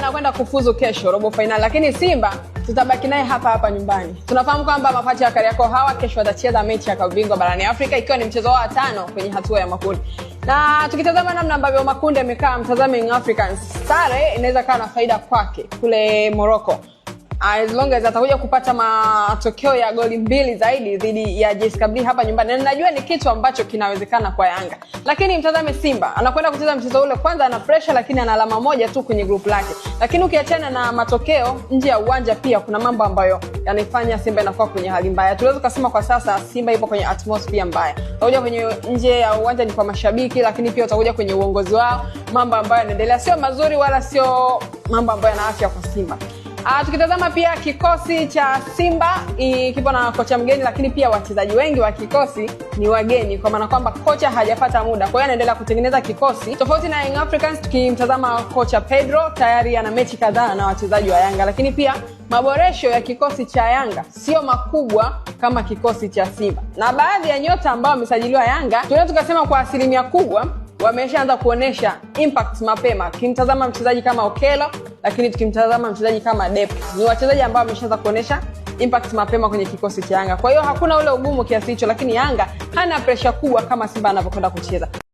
anakwenda kufuzu kesho robo fainali, lakini Simba tutabaki naye hapa hapa nyumbani. Tunafahamu kwamba mapacha ya kariako hawa kesho watacheza mechi ya kabingwa barani Afrika, ikiwa ni mchezo wao wa tano kwenye hatua ya makundi. Na tukitazama namna ambavyo makundi amekaa mtazame Africans, sare inaweza kawa na faida kwake kule Morocco as long as atakuja kupata matokeo ya goli mbili zaidi dhidi ya JS Kabylie hapa nyumbani, na najua ni kitu ambacho kinawezekana kwa Yanga, lakini mtazame Simba anakwenda kucheza mchezo ule. Kwanza ana pressure, lakini ana alama moja tu kwenye group lake, lakini ukiachana na matokeo nje ya uwanja, pia kuna mambo ambayo yanaifanya Simba inakuwa kwenye hali mbaya. Tunaweza kusema kwa sasa Simba ipo kwenye atmosphere mbaya. Utakuja kwenye nje ya uwanja ni kwa mashabiki, lakini pia utakuja kwenye uongozi wao, mambo ambayo yanaendelea sio mazuri wala sio mambo ambayo yana afya kwa Simba. Ah, tukitazama pia kikosi cha Simba kipo na kocha mgeni, lakini pia wachezaji wengi wa kikosi ni wageni, kwa maana kwamba kocha hajapata muda, kwa hiyo anaendelea kutengeneza kikosi tofauti na Young Africans. Tukimtazama kocha Pedro, tayari ana mechi kadhaa na wachezaji wa Yanga, lakini pia maboresho ya kikosi cha Yanga sio makubwa kama kikosi cha Simba, na baadhi ya nyota ambao wamesajiliwa Yanga tunaweza tukasema kwa asilimia kubwa wameshaanza kuonesha impact mapema. kimtazama mchezaji kama Okelo lakini tukimtazama mchezaji kama dep ni wachezaji ambao wameshaweza kuonyesha impact mapema kwenye kikosi cha Yanga. Kwa hiyo hakuna ule ugumu kiasi hicho, lakini Yanga hana presha kubwa kama Simba anavyokwenda kucheza.